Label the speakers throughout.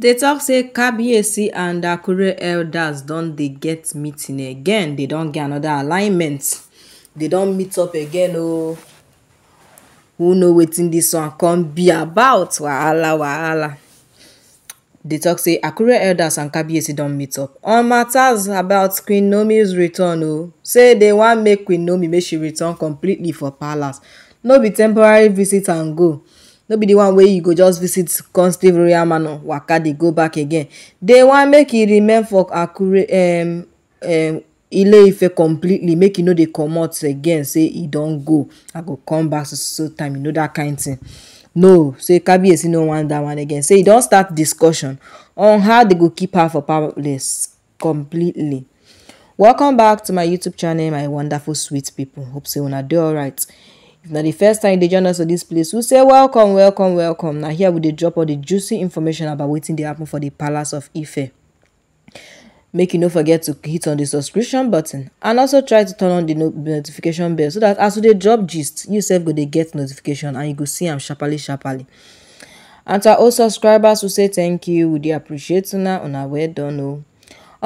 Speaker 1: They talk say kabiyesi and akure elders don dey get meeting again They don get another alignment They don meet up again oh. who know wetin this one come be about wahala wahala They talk say akure elders and kabiyesi don meet up on matters about queen Nomi's return oh. say they wan make queen Nomi make she return completely for palace no be temporary visit and go no be the one wey you go just visit constable royal manor waka dey go back again dey wan make e remain for akure um, um, ileife completely make e no dey comot again say he don go i go come back so so time you know that kind thing no say kabiyesi no want that one again say he don start discussion on how they go keep her for palace completely welcome back to my youtube channel my wonderful sweet people hope say una dey alright if na di first time you dey join us for this place we say welcome welcome welcome Now here we dey drop all the juicy information about wetin dey happen for the palace of ife make you no forget to hit on the subscription button and also try to turn on di notification bell so that as we dey drop gist you sef go dey get notification and you go see am sharparly sharparly and to our old subscribers we say thank you we dey appreciate una una well done o oh.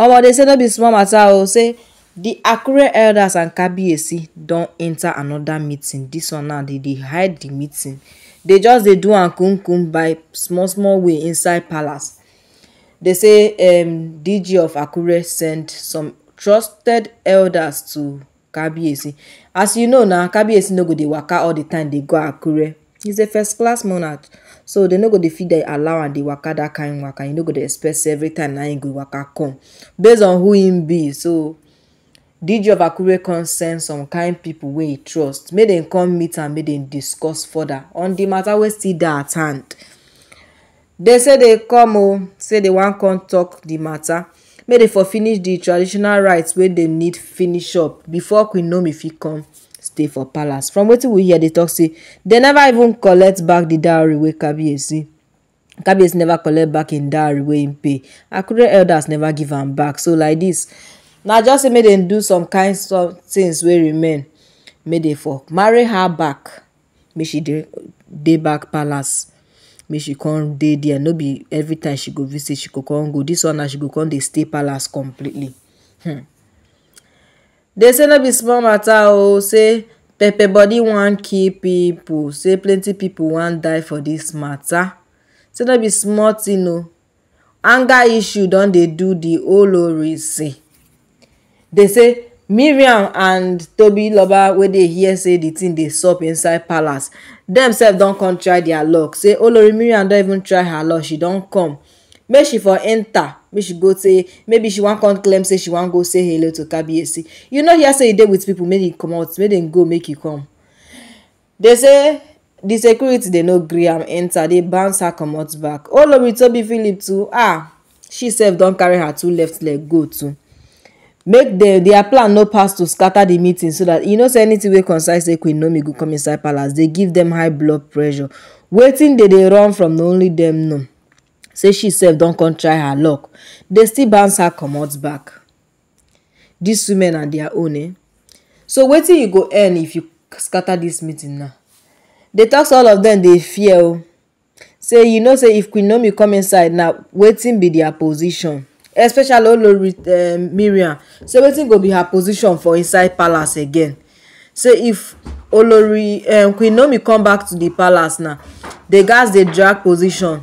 Speaker 1: omo dey say no be small matter o oh. say The Akure elders and Kabiyesi don't enter another meeting. This one now, they, they hide the meeting. They just they do and ankumkum by small small way inside palace. They say um, DG of Akure sent some trusted elders to Kabiyesi. As you know now, Kabiyesi no go dey out all the time They go Akure. He's a first class monarch. So they no go dey feed they allow and they dey out that kind waka. You no go dey express every time na him go out come. Based on who him be, so dj of akure come send some kind people wey e trust make dem come meet am make dem discuss further on the matter wey still dey at hand dem say dey come o oh, say dey wan come talk the matter make dem for finish the traditional rites wey dem need finish up before queen nomi fit come stay for palace from wetin we hear dey talk say dem never even collect back di dowry wey kabiyesi kabiyesi never collect back im dowry wey im pay akure elders never give am back so like this na just say make dem do some kind of things wey remain make dey for marry her back make she dey dey back palace make she come dey there no be every time she go visit she go come go this one na she go come dey stay palace completely hmm dey say no be small matter o oh. say pepper body wan kill people. say plenty people wan die for this matter say no be small tin o oh. anger issue don dey do the whole olorisi dey say miriam and Loba, wey dey hear say di tin dey sup inside palace dem sef don come try dia luck say olori oh, miriam don even try her luck she don come make she for enter. make she go say maybe she wan come claim say she wan go say hello to kabiyesi you no hear say you dey with pipo make you comot make dem go make you come dey say di security dey no gree am enter. dey bounce her comot back olori oh, tobi philip too ah she sef don carry her two left leg go too make the their plan no pass to scatter the meeting so that you know say anything wey concern say queen nomi go come inside palace dey give them high blood pressure wetin dey dey run from na only them know say she sef don come try her luck dey still bounce her comot back These women are their own eh so wetin you go earn if you scatter this meeting now dey talk all of them dey fear o oh. say you know say if queen nomi come inside now wetin be their position especially olori um, Miriam, say wetin go be her position for inside palace again say if olori um, queen nomi come back to di palace now dey gatz dey drag position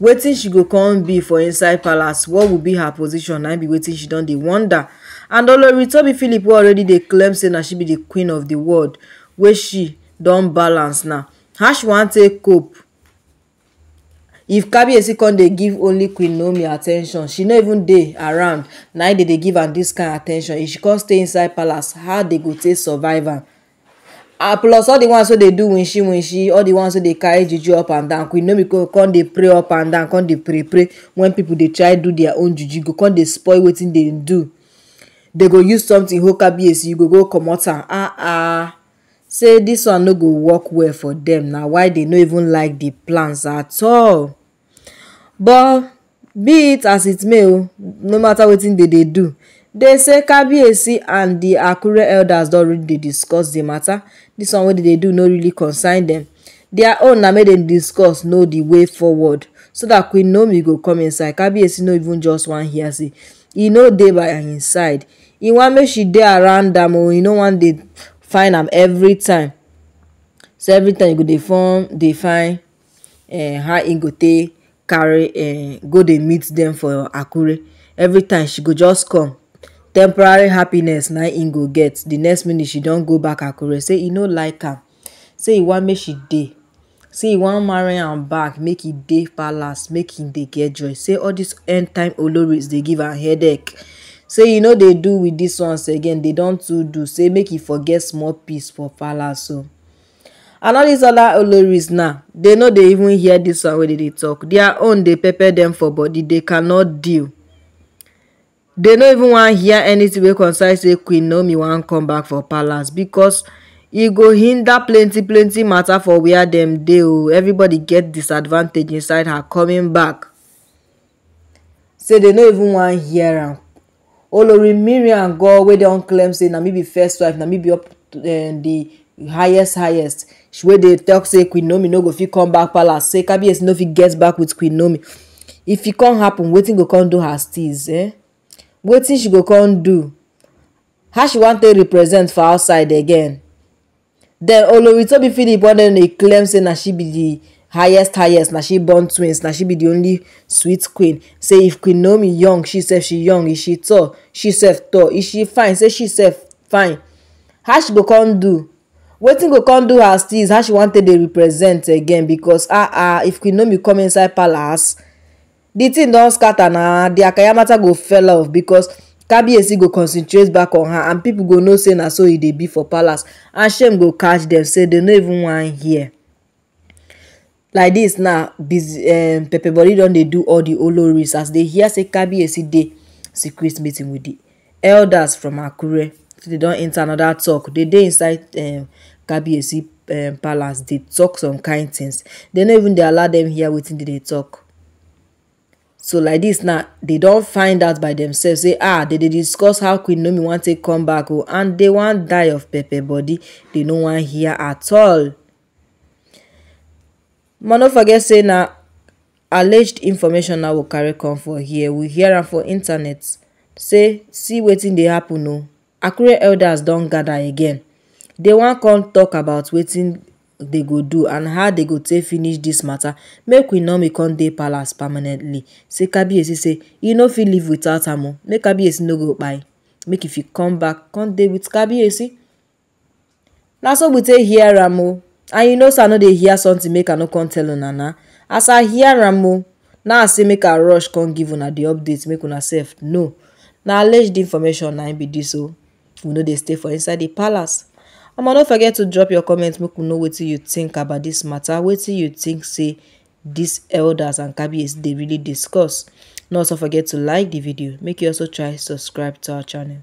Speaker 1: wetin she go come be for inside palace what will be her position na be wetin she don dey wonder and olori tobi philip wey already dey claim say na she be di queen of di world wey she don balance now how she wan take cope if kabiyesi come dey give only queen naomi at ten tion she no even dey around na im dey dey give am dis kain at ten tion if she come stay inside palace how dey go take survive am and ah, plus all the ones wey dey do winshi winshi all the ones wey dey carry juju up and down queen nomi go come dey pray up and down come dey pray pray when people dey try do their own juju go come dey spoil wetin dey do dey go use something hold oh, kabiyesi you go go comot am ah ah say this one no go work well for dem na why dey no even like the plans at all but be it as it may o no matter wetin dey dey do dey say kabiyesi and di akure elders don really dey discuss di matter dis one wey dey dey do no really concern dem their own na make dem discuss know di way forward so dat queen naomi go come inside kabiyesi no even just wan hear say e no dey by im side e wan make she dey around am o e no wan dey find am every time so every time you go dey form dey find eh, how e go take carry um go dey meet dem for akure Every time she go just come temporary happiness na im go get the next minute she don go back akure say e no like am say e wan make she dey say e wan marry am back make e dey palace make e dey get joy say all this end time oloris dey give am headache say you e no dey do with this ones again They don too do say make e for get small peace for palace o oh and all these other oloris now they no they even hear this one when they dey talk their own they pepper them for body They cannot deal They no even wan hear anything. wey concern say queen no me want come back for palace because e go hinder plenty plenty matter for where them dey oh. everybody get disadvantage inside her coming back say they no even wan hear am olori miriam go where they don claim say na me be first wife na me be up to eh, the highest highest wey dey talk say queen nomi no go fit come back palace say kabiyesi no fit get back with queen nomi if e come happen wetin go come do her steeze eh wetin she go come do how she wan take represent for outside again den olori tobi philip one day claim say na she be the highest highest na she born twins na she be the only sweet queen say if queen nomi young she sef she young if she tall she sef tall if she fine say she sef fine how she go come do wetin go come do her Still is how she wan take dey represent again because ah ah if Kinomi come inside palace di tin don scatter na di akayamata go fell off becos kabiyesi go concentrate back on her and people go know say na so e dey be for palace and shame go catch them say they no even wan hear like dis now eh, pepper body don dey do all di oloris as They hear say kabiyesi dey secret meeting with the elders from akure so dem don enter another talk. They dey inside eh, kabiyesi um, eh, palace dey talk some kind things dem no even dey allow dem hear wetin dem dey talk so like this now dey don find out by themselves say ah dem dey discuss how queen Nomi wan take come back o oh, and dey wan die of pepper body dey no wan hear at all ma no forget say na alleged information na we carry come for here we hear am for internet say see wetin dey happen o oh. akure elders don gather again dey wan con talk about wetin dey go do and how dey go take finish dis matter make we queen naomi con dey palace permanently say kabiyesi say e no fit live without am oo make kabiyesi no go kpai make e fit come back con dey with kabiyesi na so we take hear am oo and you know say i no dey hear something make i no come tell una na as i hear am oo now i say make i rush come give una the update make una sef know na alleged information na im be dis oo we no dey stay for inside the palace omo no forget to drop your comment make we know wetin you think about this matter wetin you think say these elders and cabbies They really discuss no also forget to like the video make you also try subscribe to our channel